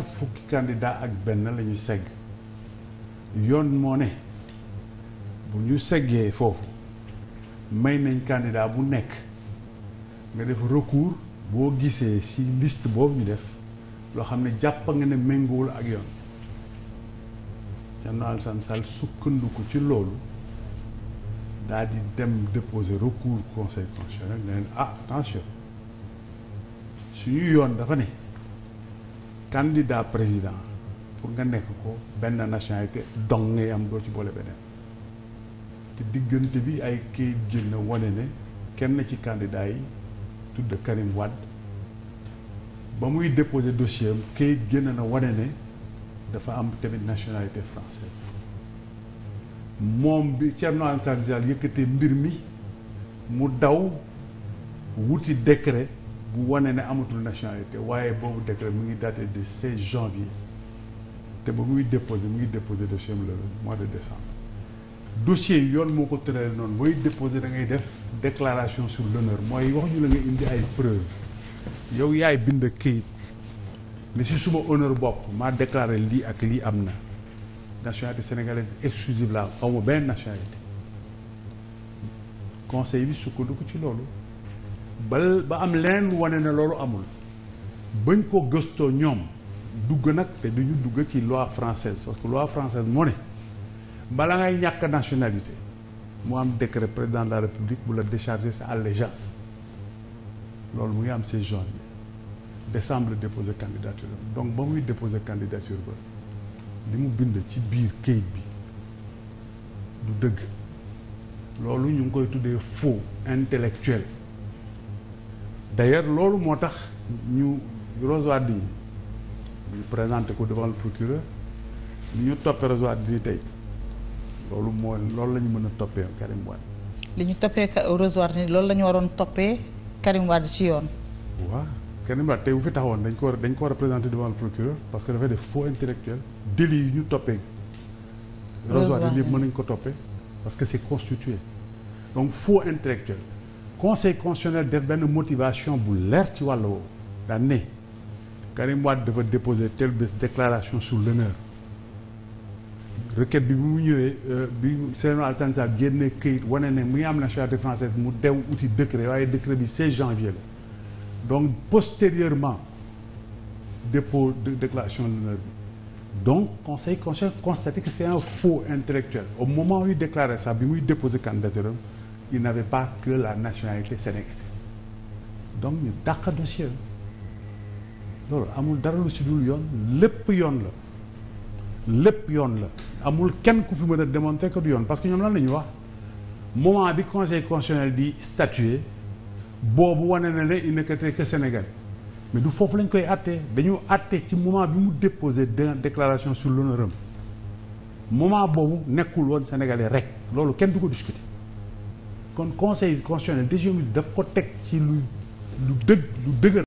ñaar fukki candidat ak benn la segg yoon moo ne bu ñu seggee foofu may nañ candidat bu nekk nga def recours boo gisee ci liste boobu ñu def loo xam ne jàpp nga ne méngoowul ak yoon Thierno Alassane Sall sukkandiku ci loolu daal di dem déposer recours conseil constitutionnel ne ah attention suñu yoon dafa ne candidat président pour nga nekk ko benn nationalité dong ngay am doo ci boole beneen te diggante bi ay kayit génn wane ne kenn ci candidat yi tudd Karim Wade ba muy déposer dossier am kayit génn na wane ne dafa am tamit nationalité française moom bi Thierno Alassane Sall yëkkatee mbir mi mu daw wuti décret bu wane ne amatul nationalité waaye boobu décret mu ngi daté de 16 janvier te ba muy déposé mu ngi déposé dossier le mois de décembre dossier yi yoon moo ko tëralee noonu booy déposé da ngay def déclaration sur l'honneur mooy wax ñu la nga indi ay preuve yow yaay bind këyit ne si suma honneur bopp maa déclaré lii ak lii am na nationalité sénégalaise exclusive la xaw ma benn nationalité conseil bi sukkandiku ci loolu bal ba am leen wane na loolu amul bañ ko gëstoo ñoom dugg nag te duñu dugg ci loi française parce que loi française moo ne bala ngay ñàkk nationalité mu am décret président de la république bu la décharger sa allégeance loolu mu ngi am si de décembre déposer candidature donc ba muy déposer candidature ba li mu bind ci biir kayit bi du dëgg loolu ñu ngi koy tuddee faux intellectuel d'ailleurs loolu moo tax ñu Rose di ñu présenté ko devant le procureur ñu toppee Rose Wardini tey loolu loolu la ñu mën a toppee Karim Wade li ñu toppee Rose Wardini loolu la ñu waroon toppee Karim Wade ci yoon waaw Karim Wade tey bu fi taxawoon dañ ko war dañ ko war a présenté devant le procureur parce que dafay def faux intellectuel délit yi ñu toppee Rose Wardini mën nañ ko toppee parce que c'est constitué donc faux intellectuel conseil constitutionnel def benn motivation bu leer ci wàll woowu daan ne Karim Wade dafa déposer tel bés déclaration sur l'honneur requête bi bi mu ñëwee euh, bi Thierno Alassane Sall génne këyit wane ne mu ngi am de française mu de uti décret waaye décret bi 16 janvier la donc postérieurement dépôt de déclaration bi donc conseil conseil constaté que c'est un faux intellectuel au moment où il déclarait ça bi muy déposer candidature il n'avait pas que la nationalité sénégalaise donc ñu dàq dossier loolu amul dara lu si dul yoon lépp yoon la lépp yoon la amul kenn ku fi mën a démontrer que du yoon parce que ñoom lan la ñu wax moment bi conseil constitutionnel di statuer boobu wane na ne il n'était que Sénégal mais du foofu lañ koy àttee dañu àttee ci moment bi mu déposé déclaration sur l'honneur am moment boobu nekkul woon sénégalais rek loolu kenn du ko discuter. kon conseil constitutionnel décision bi daf ko teg ci lu lu dëgg lu dëgër